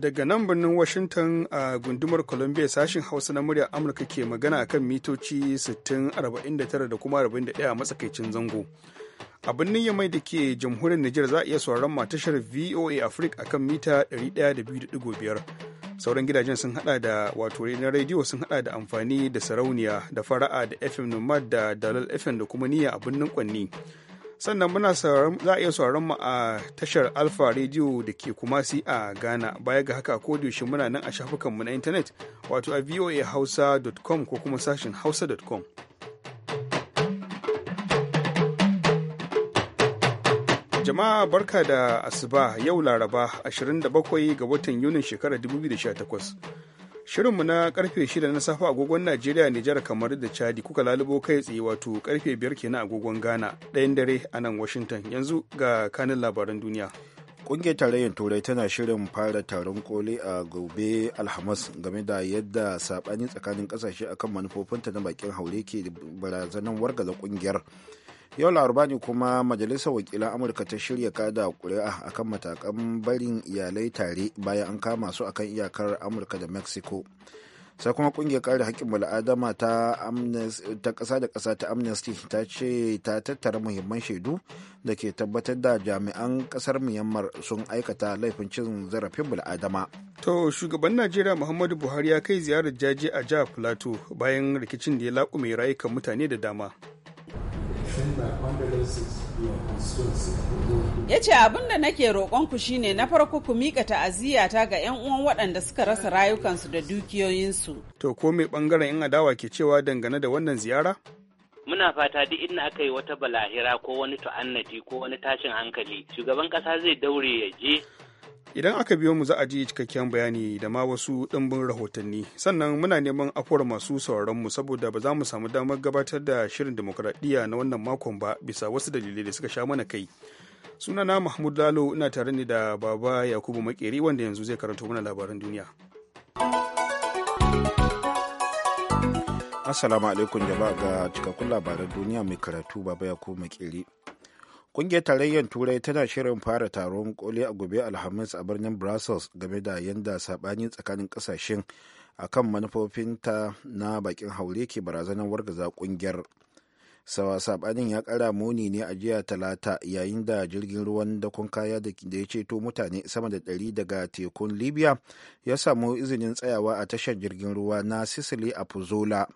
daga nan birnin washington a gundumar columbia sashen hausa na muryar amurka ke magana akan mitoci 6049 da kuma 41 a matsakaicin zango a birnin yamai da ke jamhuriyar niger za a iya sauran matashar voa africa akan mita 102.5 sauran gidajen sun hada da wato na rediyo sun hada da amfani da sarauniya da fara'a da fm nomad da dalal fm da kuma niyya a birnin kwanni sannan muna za a iya sauraron mu a tashar alfa radio da ke kumasi a ghana baya ga haka ko yaushe muna nan a shafukanmu na intanet wato a voahausa.com ko kuma sashin hausa.com jama'a barka da asuba yau laraba 27 ga watan yunin shekarar 2018 Shirinmu na karfe 6 na safa agogon Najeriya, Nijar, kamar da Chadi kuka lalubo kai tsaye wato karfe 5 kenan agogon Ghana, ɗayan dare a nan Washington. Yanzu ga kanin labaran duniya. Ƙungiyar tarayyar Turai tana shirin fara taron koli a gobe Alhamis game da yadda saɓani tsakanin ƙasashe akan manufofinta na bakin haure ke barazanar wargaza ƙungiyar. yau laraba ne kuma majalisar wakilan amurka ta shirya kada kuri'a akan matakan barin iyalai tare bayan an kama su akan iyakar amurka da mexico sai kuma kungiyar kare haƙƙin bala'adama ta ƙasa da ƙasa ta amnesty ta ce ta tattara muhimman shaidu da ke tabbatar da jami'an ƙasar myanmar sun aikata laifin cin zarafin bala'adama to shugaban najeriya muhammadu buhari ya kai ziyarar jaje a jihar plateau bayan rikicin da ya laƙume rayukan mutane da dama ya ce abin da nake roƙonku shine na farko ku miƙa ta'aziyata ga 'yan uwan waɗanda suka rasa rayukansu da dukiyoyinsu to ko mai ɓangaren in adawa ke cewa dangane da wannan ziyara muna fata duk inda aka yi wata balahira ko wani ta'annati ko wani tashin hankali shugaban ƙasa zai daure ya je idan aka biyo mu za a ji cikakken bayani da ma wasu ɗimbin rahotanni sannan muna neman afuwar masu sauraron mu saboda ba za mu samu damar gabatar da shirin demokradiyya na wannan makon ba bisa wasu dalilai da suka sha mana kai sunana mahmud lalo ina tare ne da baba yakubu makeri wanda yanzu zai karanto mana labaran duniya assalamu alaikum jama'a ga cikakkun labaran duniya mai karatu baba yakubu makeri Ƙungiyar tarayyar Turai tana shirin fara taron koli a gobe Alhamis a birnin Brussels game da yadda saɓani tsakanin ƙasashen akan manufofinta na bakin haure ke barazanar wargaza ƙungiyar. sabanin ya kara muni ne a jiya talata yayin da jirgin ruwan dakon kaya da ya ceto mutane sama da ɗari daga tekun libya ya samu izinin tsayawa a tashar jirgin ruwa na sicily a puzola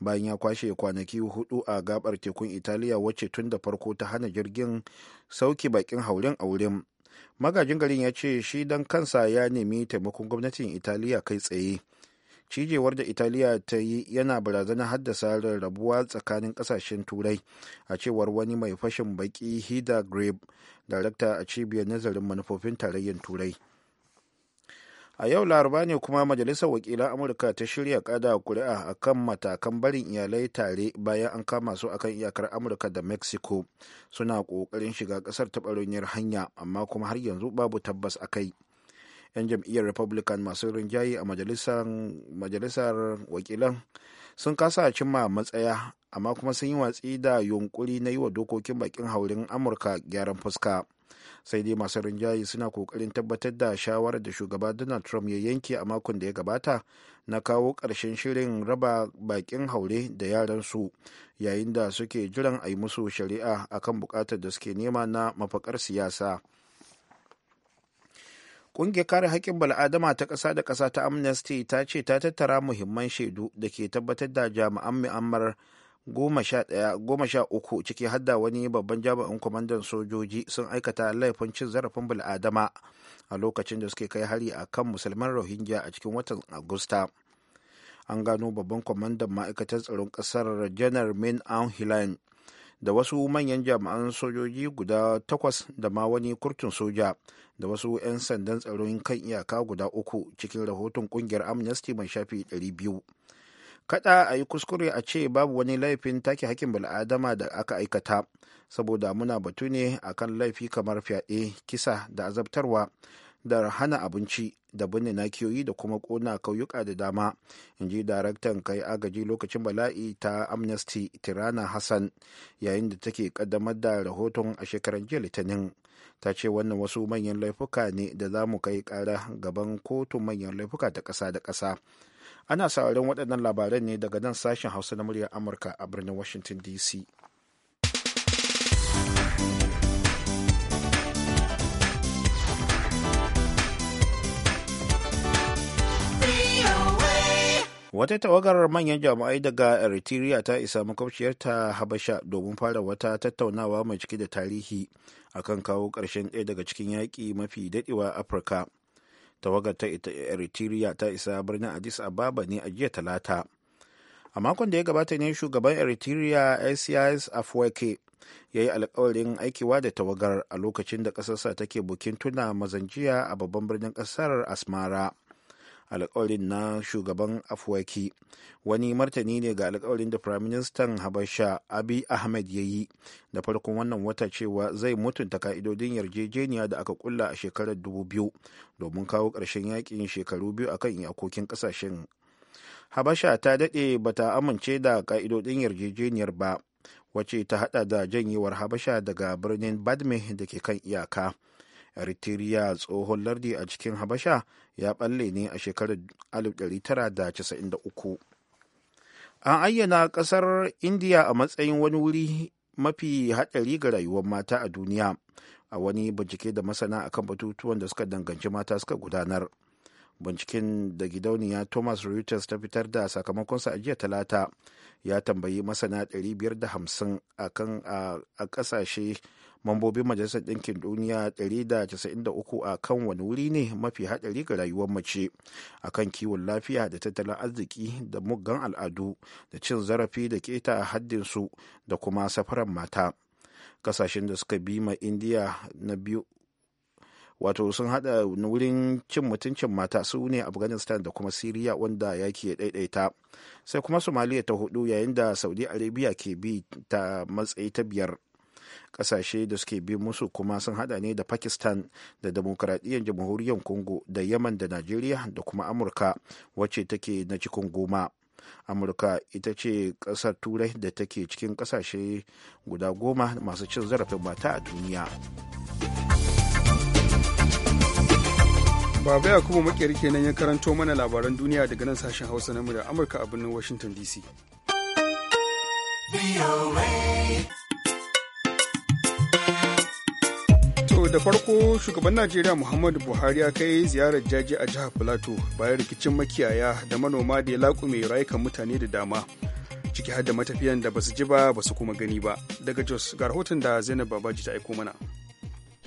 bayan ya kwashe kwanaki hudu a gabar tekun italiya wacce tun da farko ta hana jirgin sauki bakin haurin a wurin magajin garin ya ce shi don kansa ya nemi taimakon gwamnatin italiya kai tsaye cijewar da italiya ta yi yana barazana haddasa rarrabuwa tsakanin kasashen turai a cewar wani mai fashin baki hida grebe darakta a cibiyar nazarin manufofin tarayyar turai a yau laraba ne kuma majalisar wakilan amurka ta shirya kada kuri'a a kan matakan barin iyalai tare bayan an kama su akan iyakar amurka da mexico suna kokarin shiga kasar ta hanya amma kuma har yanzu babu tabbas a kai 'yan jam'iyyar republican masu rinjaye a majalisar wakilan sun kasa cimma matsaya amma kuma sun yi watsi da yunkuri na yi wa dokokin bakin haurin amurka gyaran fuska sai dai masu rinjaye suna kokarin tabbatar da shawarar da shugaba donald trump ya yanke a makon da ya gabata na kawo ƙarshen shirin raba bakin haure da yaransu yayin da suke jiran a yi musu shari'a akan buƙatar da suke nema na mafakar siyasa Ƙungiyar kare haƙƙin bal'adama ta ƙasa da ƙasa ta Amnesty ta ce ta tattara muhimman shaidu da ke tabbatar da jami'an mu'ammar goma sha uku ciki hadda wani babban jami'in kwamandan sojoji sun aikata laifin cin zarafin bal'adama a lokacin da suke kai hari a kan musulman rohingya a cikin watan agusta an gano babban kwamandan ma'aikatar tsaron ƙasar janar min an da wasu manyan jami'an sojoji guda takwas da ma wani kurtun soja da wasu 'yan sandan tsaron kan iyaka guda uku cikin rahoton kungiyar amnesty mai shafi 200 kada a yi kuskure a ce babu wani laifin take hakkin bal'adama da aka aikata saboda muna batu ne akan laifi kamar fyaɗe kisa da azabtarwa da hana abinci da binne nakiyoyi da kuma kona kauyuka da dama in ji daraktan kai agaji lokacin bala'i ta amnesty tirana hassan yayin da take kaddamar da rahoton a shekarar jiya litinin ta ce wannan wasu manyan laifuka ne da za mu kai kara gaban kotun manyan laifuka ta ƙasa da ƙasa ana sauraron waɗannan labaran ne daga nan sashen hausa na muryar amurka a birnin washington dc wata tawagar manyan jami'ai daga eritrea ta isa makwabciyarta habasha domin fara wata tattaunawa mai cike da tarihi akan kawo ƙarshen ɗaya daga cikin yaƙi mafi daɗewa afirka tawagar ta eritrea ta isa birnin addis ababa ne a jiya talata a makon da ya gabata ne shugaban eritrea scis afwake ya yi alkawarin aikiwa da tawagar a lokacin da ƙasarsa take bukin tuna mazanjiya a babban birnin ƙasar asmara alkawarin na shugaban afwaki wani martani ne ga alkawarin da firaministan habasha abi ahmed ya yi da farkon wannan wata cewa zai mutunta ka'idodin yarjejeniya da aka kulla a shekarar 2000 domin kawo ƙarshen yakin shekaru biyu akan iyakokin ƙasashen habasha ta daɗe bata amince da ka'idodin yarjejeniyar ba wace ta hada da janyewar habasha daga birnin badme da ke kan iyaka eritrea tsohon lardi a cikin habasha ya balle ne a shekarar 1993 an ayyana kasar india a matsayin wani wuri mafi haɗari ga rayuwar mata a duniya a wani bincike da masana akan batutuwan da suka danganci mata suka gudanar binciken da gidauniya thomas reuters ta fitar da sakamakonsa a jiya talata ya tambayi masana 550 a kasashe mambobin majalisar ɗinkin duniya 193 a kan wani wuri ne mafi haɗari ga rayuwar mace a kan kiwon lafiya da tattalin arziki da muggan al'adu da cin zarafi da keta a haddinsu da kuma safaran mata ƙasashen da suka bi ma indiya na biyu wato sun hada wurin cin mutuncin mata su ne afghanistan da kuma siriya wanda yaki ya ɗaiɗaita sai kuma somaliya ta hudu yayin da saudi arabia ke bi ta matsayi ta biyar kasashe da suke bin musu kuma sun hada ne da pakistan da demokuraɗiyyar jamhuriyar congo da yaman da najeriya da kuma amurka wacce take na cikin goma amurka ita ce ƙasar turai da take cikin ƙasashe guda goma masu cin zarafin mata a duniya baba ya kuma makeri kenan ya karanto mana labaran duniya daga nan sashen hausa na da amurka a birnin washington dc da farko shugaban najeriya muhammadu buhari ya kai ziyarar jaji a jihar plateau bayan rikicin makiyaya da manoma da ya laƙume rayukan mutane da dama ciki har da matafiyan da basu ji ba basu kuma gani ba daga jos ga rahoton da zainab babaji ta aiko mana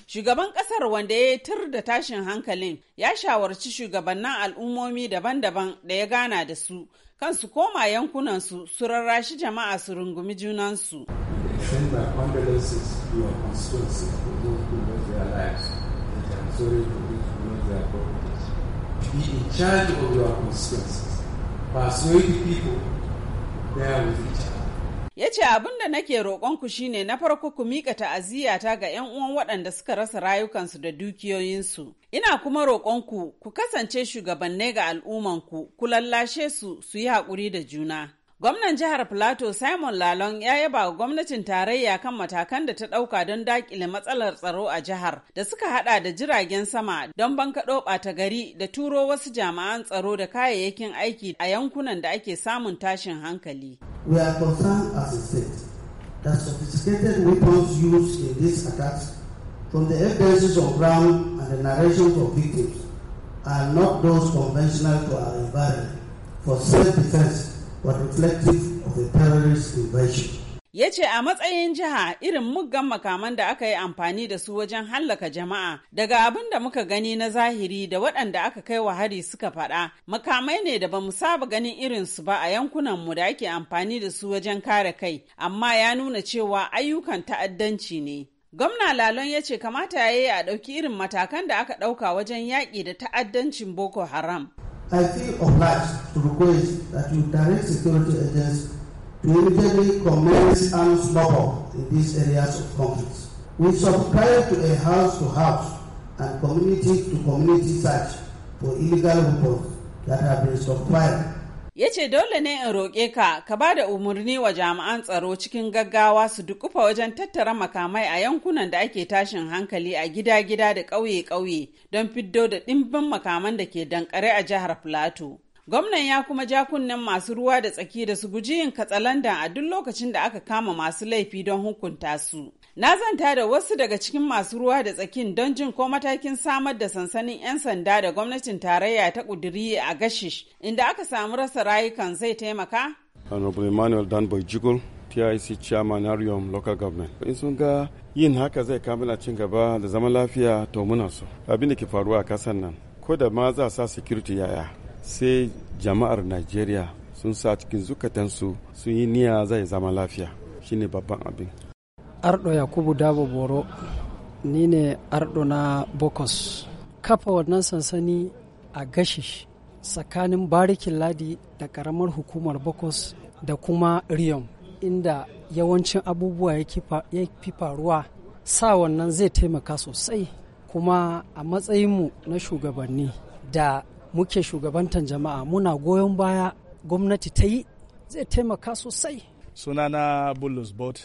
shugaban kasar wanda ya yi tur da tashin hankalin ya shawarci shugabannin al'ummomi daban-daban da ya gana da su kan su koma yankunansu su rarrashi jama'a su rungumi junansu. Yace and be in charge of your consequences. Persuade people there with each other. ya ce abin da nake roƙonku shine na farko ku miƙa ta'aziyata ga 'yan uwan waɗanda suka rasa rayukansu da dukiyoyinsu ina kuma roƙonku ku kasance shugabanne ga al'ummanku ku lallashe su su yi haƙuri da juna Gwamnan jihar Plateau Simon Lalon ya yaba wa gwamnatin tarayya kan matakan da ta ɗauka don dakile matsalar tsaro a jihar da suka hada da jiragen sama don bankaɗo ɓata gari da turo wasu jami'an tsaro da kayayyakin aiki a yankunan da ake samun tashin hankali. We are concerned as a state that sophisticated weapons used in these attacks from the evidences on ground and the narrations of victims are not those conventional to our environment for self-defense ya ce a matsayin jiha irin muggan makaman da aka yi amfani da su wajen hallaka jama'a daga abin da muka gani na zahiri da waɗanda aka kai wa hari suka faɗa makamai ne da ba mu saba ganin irin su ba a yankunan mu da ake amfani da su wajen kare kai amma ya nuna cewa ayyukan ta'addanci ne Gwamna Lalon ya ce kamata ya yi a ɗauki irin matakan da aka ɗauka wajen yaƙi da ta'addancin Boko Haram. I feel obliged to request that you direct security agents to immediately commence armed slaughter in these areas of conflict. We subscribe to a house-to-house and community-to-community search for illegal weapons that have been stockpiled ya ce dole ne in roƙe ka ka ba da umarni wa jami'an tsaro cikin gaggawa su dukufa wajen tattara makamai a yankunan da ake tashin hankali a gida-gida da ƙauye-ƙauye don fiddo da ɗimbin makaman da ke dankare a jihar Filato. Gwamnan ya kuma ja kunnen masu ruwa da tsaki da su guji yin katsalandan a duk lokacin da aka kama masu laifi don hukunta su. Na zanta da wasu daga cikin masu ruwa da tsakin don jin ko matakin samar da sansanin 'yan sanda da gwamnatin tarayya ta ƙudiri a Gashish, inda aka samu rasa rayukan zai taimaka? Honorable Emmanuel Danboy Jigul, PIC Chairman Arium Local Government. In sun ga yin haka zai kamuna cin gaba da zaman lafiya to muna so. Abin da ke faruwa a kasan nan, ko da ma za sa security yaya, sai jama'ar Najeriya sun sa cikin zukatansu sun yi niyya zai zama lafiya. Shine babban abin. arɗo yakubu dabo boro ni ne arɗo na bokos kafa wannan sansani a gashi tsakanin barikin ladi da ƙaramar hukumar bokos da kuma riyom inda yawancin abubuwa ya fi faruwa sa wannan zai taimaka sosai kuma a matsayinmu na shugabanni da muke shugabantan jama'a muna goyon baya gwamnati ta yi zai taimaka sosai sunana bulus bot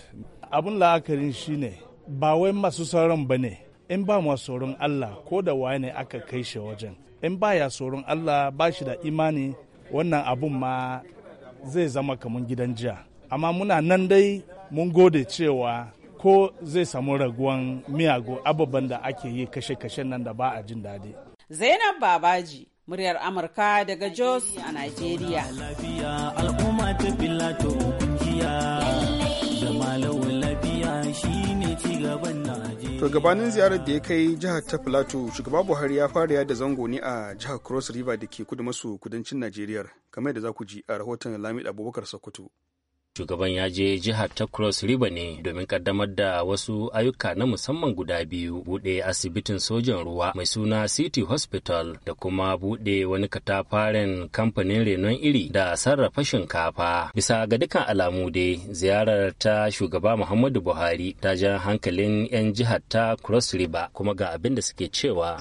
abun la'akarin shine ba wai masu sauran ba ne in ba mu tsoron Allah ko da waye ne aka kai shi wajen in ba ya tsoron Allah ba shi da imani wannan abun ma zai zama kamar gidan jiya amma muna nan dai mun gode cewa ko zai samu raguwan miyago ababen da ake yi kashe kashe nan da ba a jin daɗi. Zainab Babaji, muryar Amurka daga Jos a nigeria. ta shine ci gaban To gabanin ziyarar da ya kai jihar ta Filato, shugaba Buhari ya fara yada zango ne a jihar Cross River da ke kudu maso kudancin Najeriya, kamar da za ku ji a rahoton Lamid Abubakar Sokoto. shugaban ya je jihar ta cross river ne domin kaddamar da wasu ayyuka na musamman guda biyu bude asibitin sojan ruwa mai suna city hospital da kuma bude wani katafaren kamfanin renon iri da sarrafa shinkafa bisa ga dukkan alamu dai ziyarar ta shugaba muhammadu buhari ta ja hankalin 'yan jihar ta cross river kuma ga abin da suke cewa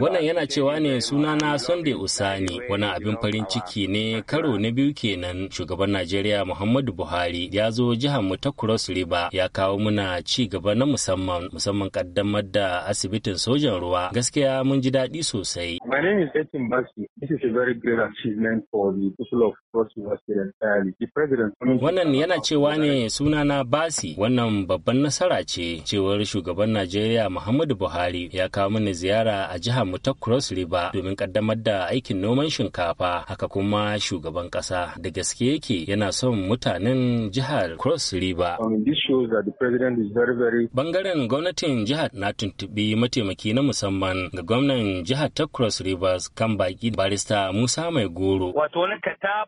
Wannan yana cewa ne sunana Sunday Usani, wani abin farin ciki ne karo na biyu kenan shugaban Najeriya Muhammadu Buhari ya zo jihar mu ta Cross River ya kawo muna ci gaba na musamman musamman kaddamar da asibitin sojan ruwa. Gaskiya mun ji daɗi sosai. My name is Etin Basi. This is a very great achievement for the people of Cross River State entirely. The president. Wannan yana cewa ne sunana Basi. Wannan babban nasara ce cewar shugaban Najeriya Najeriya Muhammadu Buhari ya kawo mini ziyara a jihar mu ta Cross River domin kaddamar da aikin noman shinkafa haka kuma shugaban kasa da gaske yake yana son mutanen jihar Cross River. Bangaren gwamnatin jihar na tuntubi mataimaki na musamman ga gwamnan jihar ta Cross Rivers kan baki barista Musa Mai Goro. Wato wani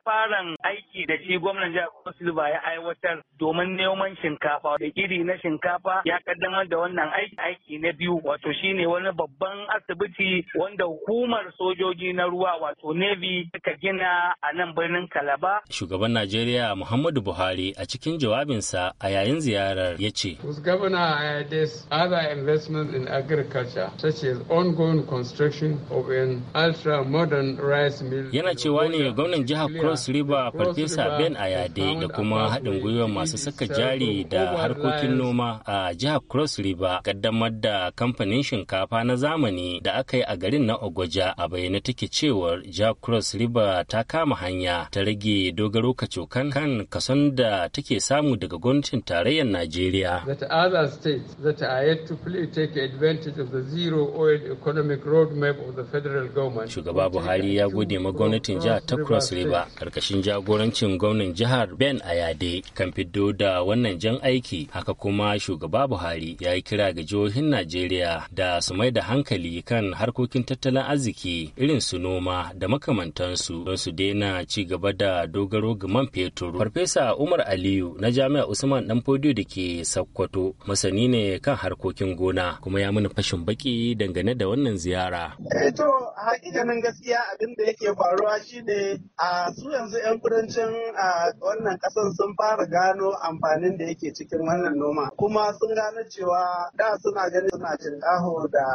fara aiki da shi gwamnan jihar Cross River ya aiwatar domin neman shinkafa da iri na shinkafa ya kaddamar da wannan aiki daki na biyu wato shine wani babban asibiti wanda hukumar sojoji na ruwa wato navy suka gina a nan birnin kalaba shugaban najeriya muhammadu buhari a cikin jawabinsa a yayin ziyarar ya ce yana cewa ne gwamnan jihar cross river farfesa ben ayade da kuma haɗin gwiwa masu saka jari da harkokin noma a jihar cross river samar da kamfanin shinkafa na zamani da aka yi a garin na Ogoja a bayyana take cewar Ja Cross River ta kama hanya ta rage dogaro kacokan kan kason da take samu daga gwamnatin tarayyar Najeriya. Shugaba Buhari ya gode ma gwamnatin jihar ta Cross River karkashin jagorancin gwamnan jihar Ben Ayade kan fiddo da wannan jan aiki haka kuma shugaba Buhari ya yi kira ga jihohi jihohin Najeriya da su mai da hankali kan harkokin tattalin arziki irin su noma da makamantansu don su daina ci gaba da dogaro ga man fetur. Farfesa Umar Aliyu na Jami'a Usman Danfodiyo da ke Sokoto masani ne kan harkokin gona kuma ya mana fashin baki dangane da wannan ziyara. Eh to hakikanin gaskiya abin da yake faruwa shine a su yanzu 'yan kudancin a wannan kasan sun fara gano amfanin da yake cikin wannan noma kuma sun gano cewa da sun suna ganin suna tinkaho da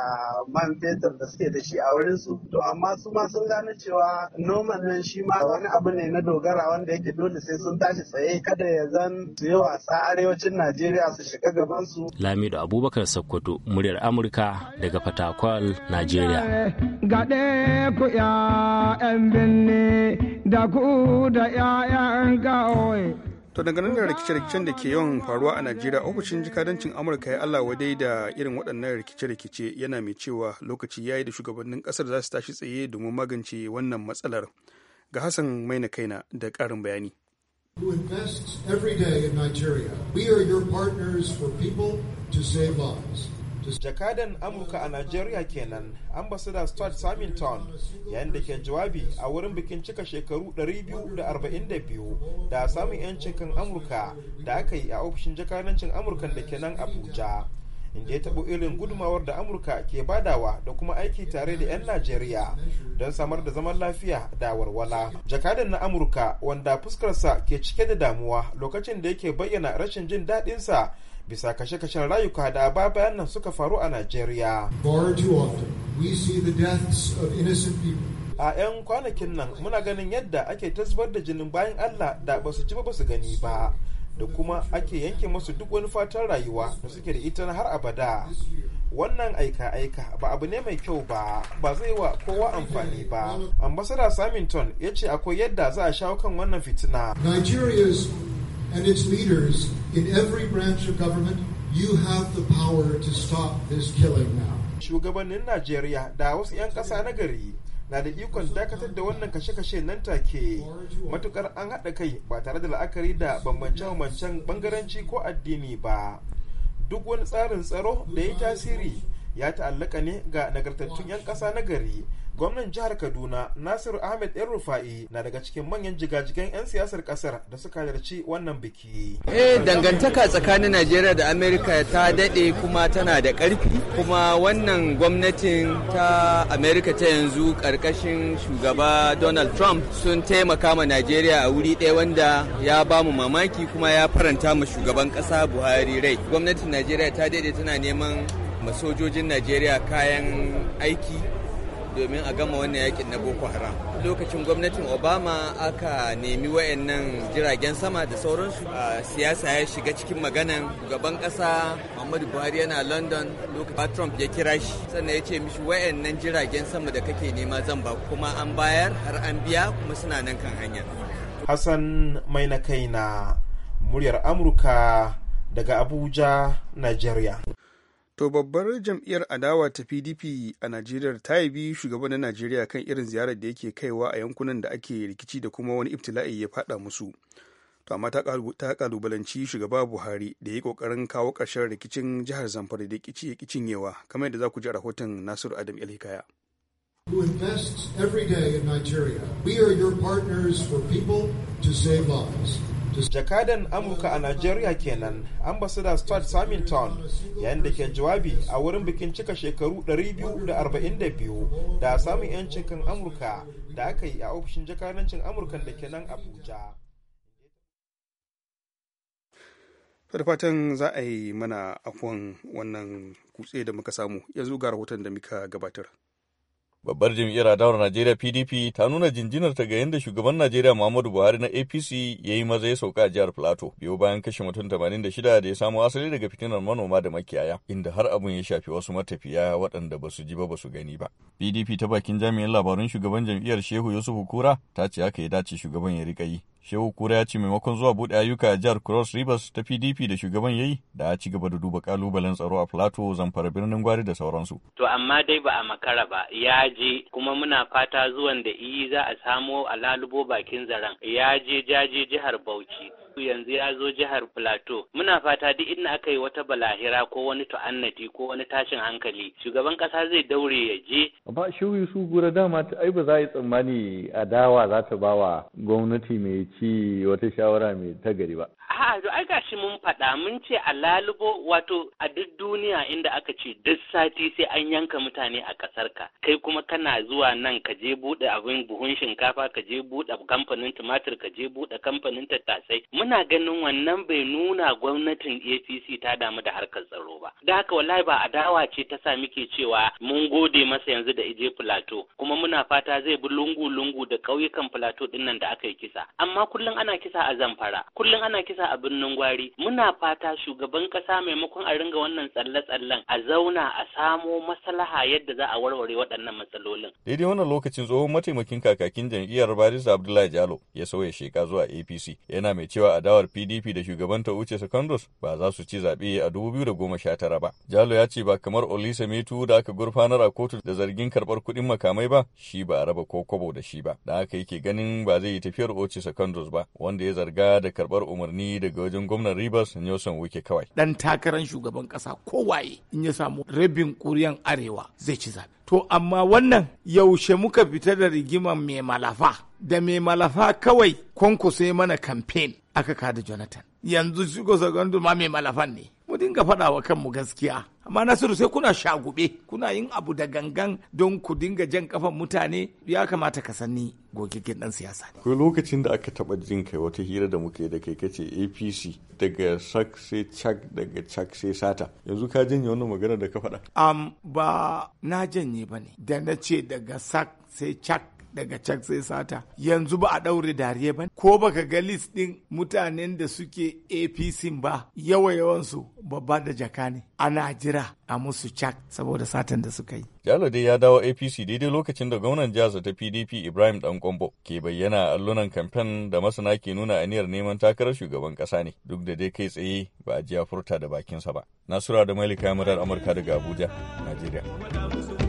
man fetur da suke da shi a wurin su to amma su ma sun gane cewa noman nan shi ma wani abu ne na dogara wanda yake dole sai sun tashi tsaye kada ya zan su yi wasa arewacin Najeriya su shiga gaban su. Lamido Abubakar Sokoto muryar Amurka daga Fatakwal, Najeriya. Gaɗe ku ‘ya'yan binne da ku da ‘ya'yan gawai. to da da rikice-rikicen da ke yawan faruwa a najeriya ofishin jikadancin amurka ya allah wadai da irin waɗannan rikice-rikice yana mai cewa lokaci yayi da shugabannin ƙasar za su tashi tsaye domin magance wannan matsalar ga hassan mai maina kaina da ƙarin bayani to invest every day in Nigeria. We are your partners for people to save lives. jakadan amurka a nigeria kenan ambassador stuart samington yayin da ke jawabi a wurin bikin cika shekaru 242 da samun yancin kan amurka da aka yi a ofishin jakadancin amurka da ke nan abuja inda ya taɓo irin gudumawar da amurka ke badawa da kuma aiki tare da 'yan najeriya don samar da zaman lafiya da warwala jakadan na amurka wanda fuskarsa ke cike da damuwa lokacin da yake bayyana rashin jin daɗinsa bisa kashe-kashen rayuka da ba bayan nan suka faru a Najeriya. A 'yan kwanakin nan muna ganin yadda ake ta zubar da jinin bayan Allah da ba su ci ba su gani ba, da kuma ake yanke masu duk wani fatan rayuwa da suke da ita har abada. Wannan aika-aika ba abu ne mai kyau ba, ba zai wa kowa amfani ba. Ambasada Samington ya ce akwai yadda za a shawo kan wannan fitina. Nigeria's and its leaders in every branch of government, you have the power to stop this killing now. Shugabannin Najeriya da wasu 'yan ƙasa na gari na da ikon dakatar da wannan kashe-kashe nan take matukar an haɗa kai ba tare da la'akari da bambance-bambancen bangaranci ko addini ba. Duk wani tsarin tsaro da ya tasiri ya ta'allaka ne ga nagartattun 'yan ƙasa na gari gwamnan jihar kaduna nasiru ahmed yan rufa'i na daga cikin manyan jigajigan 'yan siyasar kasar da suka halarci wannan biki eh dangantaka tsakanin najeriya da amerika ta daɗe kuma tana da ƙarfi kuma wannan gwamnatin ta amerika ta yanzu karkashin shugaba donald trump sun taimaka ma najeriya a wuri ɗaya wanda ya ba mu mamaki kuma ya faranta ma shugaban kasa buhari rai gwamnatin najeriya ta dade tana neman masojojin najeriya kayan aiki domin a gama wannan yakin na boko haram lokacin gwamnatin obama aka nemi wayannan jiragen sama da sauransu a siyasa ya shiga cikin maganan gaban kasa muhammadu buhari yana london lokacin trump ya kira shi sannan ya ce mishi wayannan jiragen sama da kake nema zan ba kuma an bayar har an biya kuma suna nan kan hanya hassan mai na kai na muryar amurka daga abuja nigeria To babbar jam'iyyar adawa ta PDP a Najeriya ta yi biyu shugaban na Najeriya kan irin ziyarar da yake kaiwa a yankunan da ake rikici da kuma wani ibtila'i ya fada musu. To amma ta kalubalanci shugaba Buhari da ya kokarin kawo ƙarshen rikicin jihar Zamfara da ya cinyewa kamar yadda za ku ji a rahoton Nasiru Adam Ilhikaya. who invests every day in Nigeria. We are your partners for people to save lives. jakadan amurka a nigeria kenan ambassador stuart samington yayin da ke jawabi a wurin bikin cika shekaru 242 da samun yancin kan amurka da aka yi a ofishin jakadancin amurka da ke nan abuja da fatan za a yi mana afon wannan kutse da muka samu yanzu ga rahoton da muka gabatar Babbar jam'iyyar adawar Najeriya PDP ta nuna jinjinar ta ga yadda shugaban Najeriya Muhammadu Buhari na APC ya yi maza ya sauka a jihar Plateau biyo bayan kashe mutum 86 da ya samu asali daga fitinar manoma da makiyaya inda har abun ya shafi wasu matafiya waɗanda ba su ji ba ba su gani ba. PDP ta bakin jami'in labarun shugaban jam'iyyar Shehu Yusuf Kura ta ce haka ya dace shugaban ya rika yi Shehu Kura ya ce maimakon zuwa buɗe ayyuka a jihar Cross Rivers ta PDP da shugaban yayi da a ci gaba da duba kalubalen tsaro a Plateau zamfara birnin Gwari da sauransu. To amma dai ba a makara ba ya je kuma muna fata zuwan da iyi za a samo a lalubo bakin zaren ya je jaje jihar Bauchi uku yanzu ya zo jihar Plateau. Muna fata duk inda aka yi wata balahira ko wani ta'annati ko wani tashin hankali shugaban ƙasa zai daure ya je. Ba shiru su gura dama ai ba za a yi tsammani adawa za ta ba wa gwamnati mai ci wata shawara mai tagari ba. A'a, ai gashi mun faɗa mun ce a lalubo wato a duk duniya inda aka ce duk sati sai an yanka mutane a ƙasar ka. Kai kuma kana zuwa nan ka je buɗe abin buhun shinkafa ka je buɗe kamfanin tumatir ka je buɗe kamfanin tattasai. Muna ganin wannan bai nuna gwamnatin APC ta damu da harkar tsaro ba. Da haka wallahi ba adawa ce ta sa muke cewa mun gode masa yanzu da ije filato kuma muna fata zai bi lungu-lungu da ƙauyukan filato ɗinnan da aka yi kisa. Amma kullum ana kisa a zamfara, kullum ana kisa sa a birnin gwari muna fata shugaban kasa maimakon a ringa wannan tsalle-tsallen a zauna a samo maslaha yadda za a warware waɗannan matsalolin. Daidai wannan lokacin tsohon mataimakin kakakin jam'iyyar Barista Abdullahi Jalo ya sauya sheka zuwa APC yana mai cewa adawar PDP da shugabanta Uche Secondos ba za su ci zaɓe a 2019 ba. Jalo ya ce ba kamar Olisa Metu da aka gurfanar a kotu da zargin karɓar kuɗin makamai ba shi ba a raba ko kobo da shi ba. Da haka yake ganin ba zai yi tafiyar Uche Secondos ba wanda ya zarga da karɓar umarni daga wajen gwamnan Rivers Nelson Wike kawai. Dan takarar shugaban kasa kowaye in ya samu rabin kuriyan arewa zai ci zaɓe. To amma wannan yaushe muka fita da rigimar mai malafa da mai malafa kawai kwankwaso mana kamfen aka kada Jonathan. Yanzu shigo ganduma ma mai malafan ne. dinga faɗa wa kanmu gaskiya amma nasiru sai kuna shagube kuna yin abu da gangan don ku dinga jan kafan mutane ya kamata ka sani gogaggen dan siyasa ne ko lokacin da aka taba jin kai wata hira da muke da kai kace APC daga sak sai chak daga chak sai sata yanzu ka janye wannan magana da ka faɗa am ba na janye bane da na ce daga sak sai chak daga can sai sata yanzu ba a ɗaure dariye ba ko baka ga list ɗin mutanen da suke apc ba yawa yawansu babba da jaka ne ana jira a musu cak saboda satan da suka yi Jalo ya dawo APC daidai lokacin da gwamnan jihar ta PDP Ibrahim kwambo ke bayyana allunan kamfen da masana ke nuna aniyar neman takarar shugaban kasa ne duk da dai kai tsaye ba a ji furta da bakinsa ba. Nasura da Malika Murar Amurka daga Abuja, Najeriya.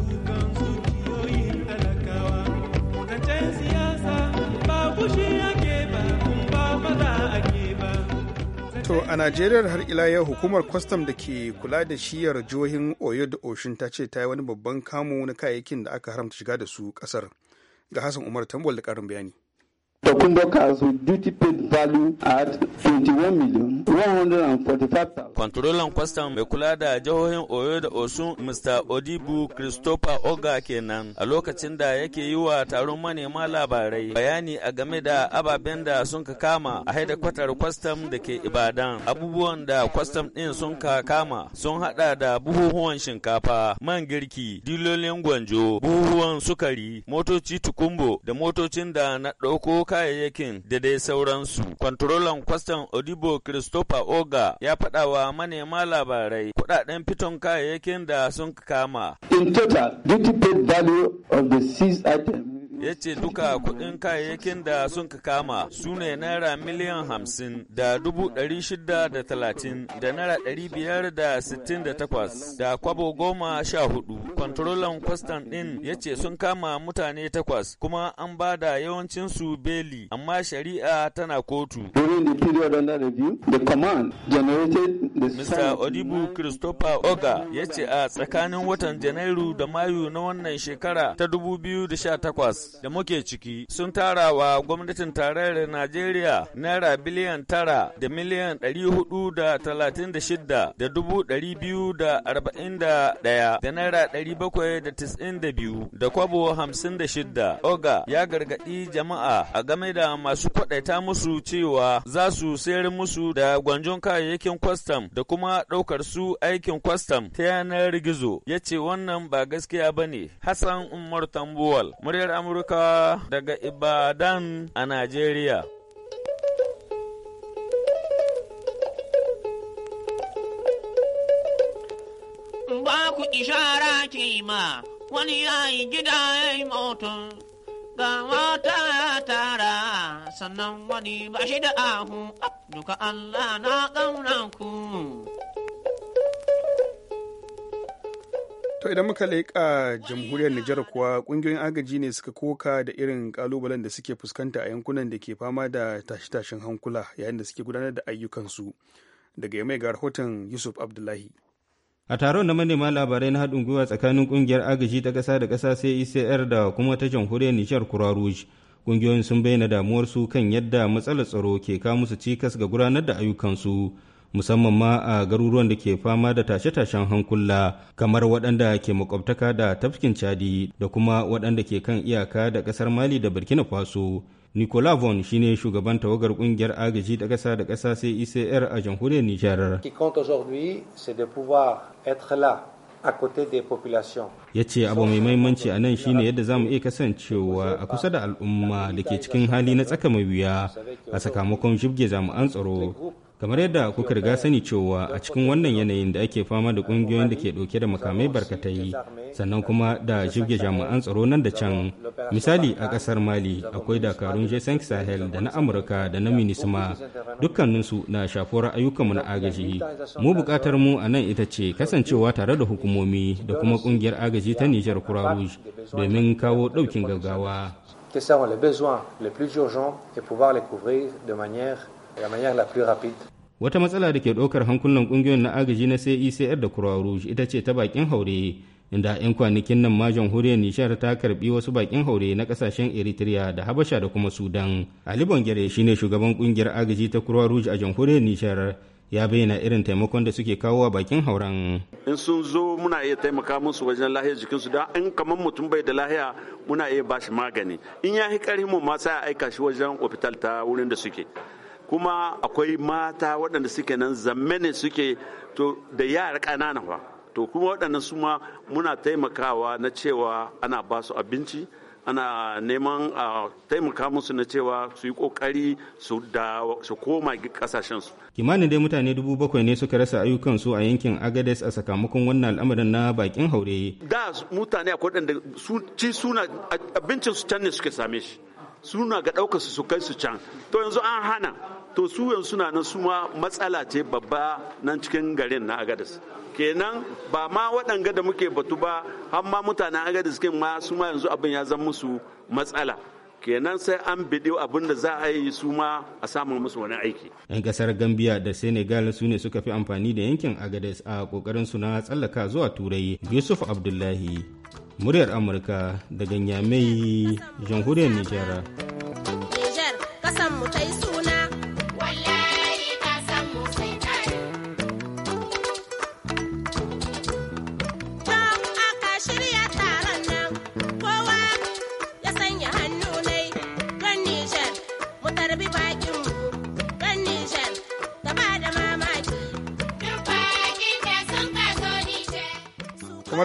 To a Najeriya har ila yau hukumar kwastam da ke kula da shiyar jihohin Oyo da ta ce ta yi wani babban kamu na kayayyakin da aka haramta shiga da su kasar. Ga Hassan Umar Tambol da karin bayani. Tokundo duty paid value at 21 million 145,000. kwastam mai kula da jihohin Oyo da Osun Mr. Odibu Christopher Oga kenan a lokacin da yake yi wa taron manema labarai bayani a game da ababen da sun ka kama a haidakwatar kwastam da ke Ibadan. Abubuwan da kwastam ɗin sun ka kama sun hada da buhuhuwan shinkafa, man girki, dilolin gwanjo, buhuhuwan sukari, motoci tukumbo da motocin da na ɗauko kayayyakin da dai sauransu. Kwantarolan kwastan Odibo Christopher Oga ya faɗawa manema labarai kuɗaɗen fiton kayayyakin da sun kama. In total, duty paid value of the seized items ya ce duka kuɗin kayayyakin da sun ka kama su ne naira miliyan hamsin da dubu ɗari shida da talatin da naira ɗari biyar da sittin da takwas da kwabo goma sha hudu. Kwantarolan kwastan ɗin ya ce sun kama mutane takwas kuma an ba da yawancinsu beli amma shari'a tana kotu. Mr. Odibu Christopher Oga ya ce a tsakanin watan Janairu da Mayu na wannan shekara ta 2018 da muke ciki sun tara wa gwamnatin tarayyar Najeriya naira biliyan tara da miliyan ɗari hudu da talatin da shida da dubu ɗari biyu da arba'in da ɗaya da naira ɗari bakwai da tis'in da biyu da kwabo hamsin da shida. Oga ya gargaɗi jama'a a game da masu kwaɗaita musu cewa za su sayar musu da gwanjon kayayyakin kwastam da kuma ɗaukar su aikin kwastam ta yanar gizo. Ya ce wannan ba gaskiya ba ne. Hassan Umar Tambuwal, muryar Amurka. Amurka daga Ibadan a Najeriya. Ba ku ishara ke ma wani yayi gida ya yi mutum, ga mata ya tara sannan wani ba shi da ahu, duka Allah na ƙaunanku. ku. To idan muka leƙa jamhuriyar Nijar kuwa ƙungiyoyin agaji ne suka koka da irin ƙalubalen da suke fuskanta a yankunan da ke fama da tashe-tashen hankula yayin da suke gudanar da ayyukansu. Daga mai ga rahoton Yusuf Abdullahi. A taron na manema labarai na haɗin gwiwa tsakanin ƙungiyar agaji ta ƙasa da ƙasa sai ICR e da kuma ta jamhuriyar Nijar Kura Rouge. Ƙungiyoyin sun bayyana damuwarsu kan yadda matsalar tsaro ke kawo musu cikas ga gudanar da ayyukansu. musamman ma a garuruwan da ke fama da tashe-tashen hankula kamar waɗanda ke makwabtaka da tafkin chadi da kuma waɗanda ke kan iyaka da ƙasar mali da burkina faso nicola von shine shugaban tawagar ƙungiyar agaji da ƙasa da ƙasa sai icr e a jamhuriyar nijar ya ce abu mai mahimmanci a nan shine yadda za mu iya kasancewa a kusa da al'umma da ke cikin hali na tsaka mai wuya a sakamakon jibge jami'an tsaro kamar yadda kuka riga sani cewa a cikin wannan yanayin da ake fama da kungiyoyin da ke dauke da makamai barkatai sannan kuma da jirge jami'an tsaro nan da can misali a kasar mali akwai dakarun jason sahel da na amurka da na minisma dukkaninsu na shafuwar ayyukanmu na agaji mu bukatar mu a nan ita ce kasancewa tare da hukumomi da kuma kungiyar agaji ta nijar kura rouge domin kawo daukin gaggawa que ça on a besoin le plus urgent et pouvoir les couvrir de manière Wata matsala da ke ɗaukar hankulan ƙungiyoyin na agaji na CECR da Croix Rouge ita ce ta bakin haure inda 'yan kwanakin nan ma jamhuriyar nishar ta karbi wasu bakin haure na kasashen eritrea da habasha da kuma sudan ali bangare shine shugaban ƙungiyar agaji ta croix rouge a jamhuriyar nishar ya bayyana irin taimakon da suke kawo a bakin hauren in sun zo muna iya taimaka musu wajen lahiyar jikinsu don in kamar mutum bai da lahiya muna iya bashi magani in ya yi karhi mu ma sai aika shi wajen ofital ta wurin da suke kuma akwai mata waɗanda suke nan ne suke to da yara ƙanana fa to kuma waɗannan su ma muna taimakawa na cewa ana ba su abinci ana neman a taimaka musu na cewa su yi kokari su da su koma kimanin dai mutane dubu bakwai ne suka rasa ayyukansu a yankin agades a sakamakon wannan al'amarin na bakin haure da mutane akwai waɗanda su ci suna abincin su can ne suke same shi suna ga ɗaukar su su kai su can to yanzu an hana to su yanzu suna na su matsala ce babba nan cikin garin na agadis kenan ba ma waɗanga da muke batu ba har ma mutanen agadis kin ma su yanzu abin ya zama musu matsala kenan sai an bidiyo abin da za a yi su ma a samun musu wani aiki. 'Yan kasar Gambia da Senegal su ne suka fi amfani da yankin agadis a kokarin su na tsallaka zuwa Turai. Yusuf Abdullahi, muryar Amurka daga Nyamai, jamhuriyar nijara.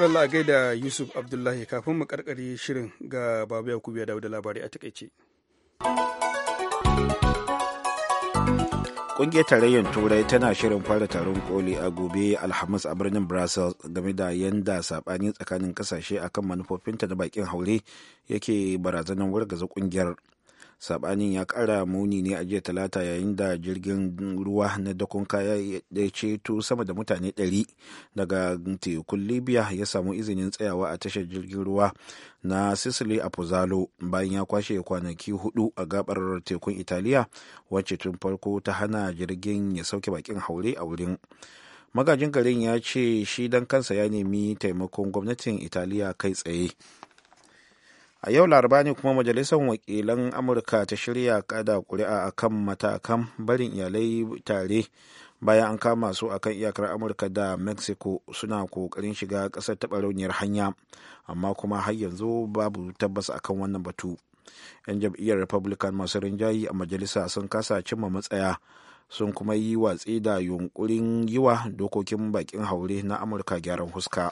Allah a gaida yusuf abdullahi kafin mu karkare shirin ga babu yakubu ya dawo da labarai a takaice ƙungiyar tarayyar turai tana shirin fara taron koli a gobe alhamis a birnin brussels game da yanda sabani tsakanin ƙasashe akan manufofinta na bakin haure yake barazanar wargaza ƙungiyar. sabanin ya kara muni ne a jiya talata yayin da jirgin ruwa na dakon kaya ya ceto sama da mutane 100 daga tekun libya ya samu izinin tsayawa a tashar jirgin ruwa na sicily a pozzalo bayan ya kwashe kwanaki hudu a gabar tekun italiya wacce tun farko ta hana jirgin ya sauke bakin haure a wurin magajin garin ya ce shi dan kansa ya nemi taimakon gwamnatin italiya kai tsaye a yau laraba ne kuma majalisar wakilan amurka ta shirya kada kuri'a kan matakan barin iyalai tare bayan an kama su akan iyakar amurka da mexico suna kokarin shiga kasar taɓa rauniyar hanya amma kuma har yanzu babu tabbas akan wannan batu yan jam'iyyar republican masu rinjayi a majalisa sun kasa cimma matsaya sun kuma yi watsi da yunkurin yiwa dokokin bakin haure na amurka gyaran huska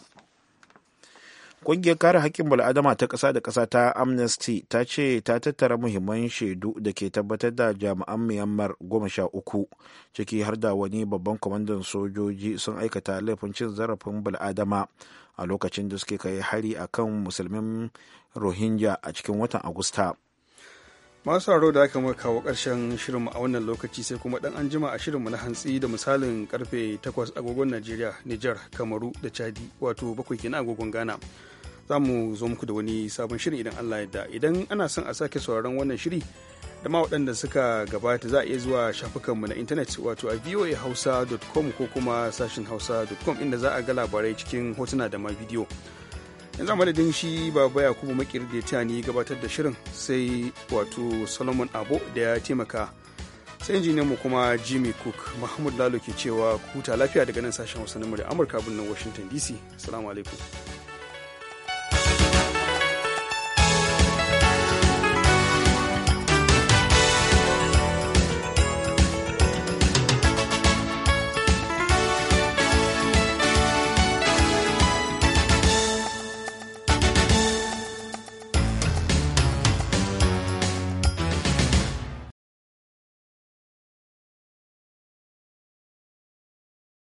kungiyar kare haƙƙin bal'adama ta ƙasa da ƙasa ta Amnesty ta ce ta tattara muhimman shaidu da ke tabbatar da jami'an Myanmar goma sha uku, ciki har da wani babban kwamandan sojoji sun aikata laifin cin zarafin bal'adama a lokacin da suke kai hari a kan musulmin Rohingya a cikin watan Agusta. Masu sauraro da aka muka kawo ƙarshen shirinmu a wannan lokaci sai kuma ɗan an jima a shirinmu na hantsi da misalin karfe 8 agogon Najeriya, Nijar, Kamaru da Chadi, wato bakwai kenan agogon Ghana. za mu zo muku da wani sabon shirin idan Allah ya da idan ana son a sake sauraron wannan shiri da ma waɗanda suka gabata za a iya zuwa shafukanmu na intanet wato a voahausa.com ko kuma sashin hausa.com inda za a ga labarai cikin hotuna da ma bidiyo yanzu a madadin shi baba yakubu makir da ta ni gabatar da shirin sai wato solomon abo da ya taimaka sai injiniyan mu kuma jimmy cook mahmud lalo ke cewa kuta lafiya daga nan sashen hausa na amurka birnin washington dc assalamu alaikum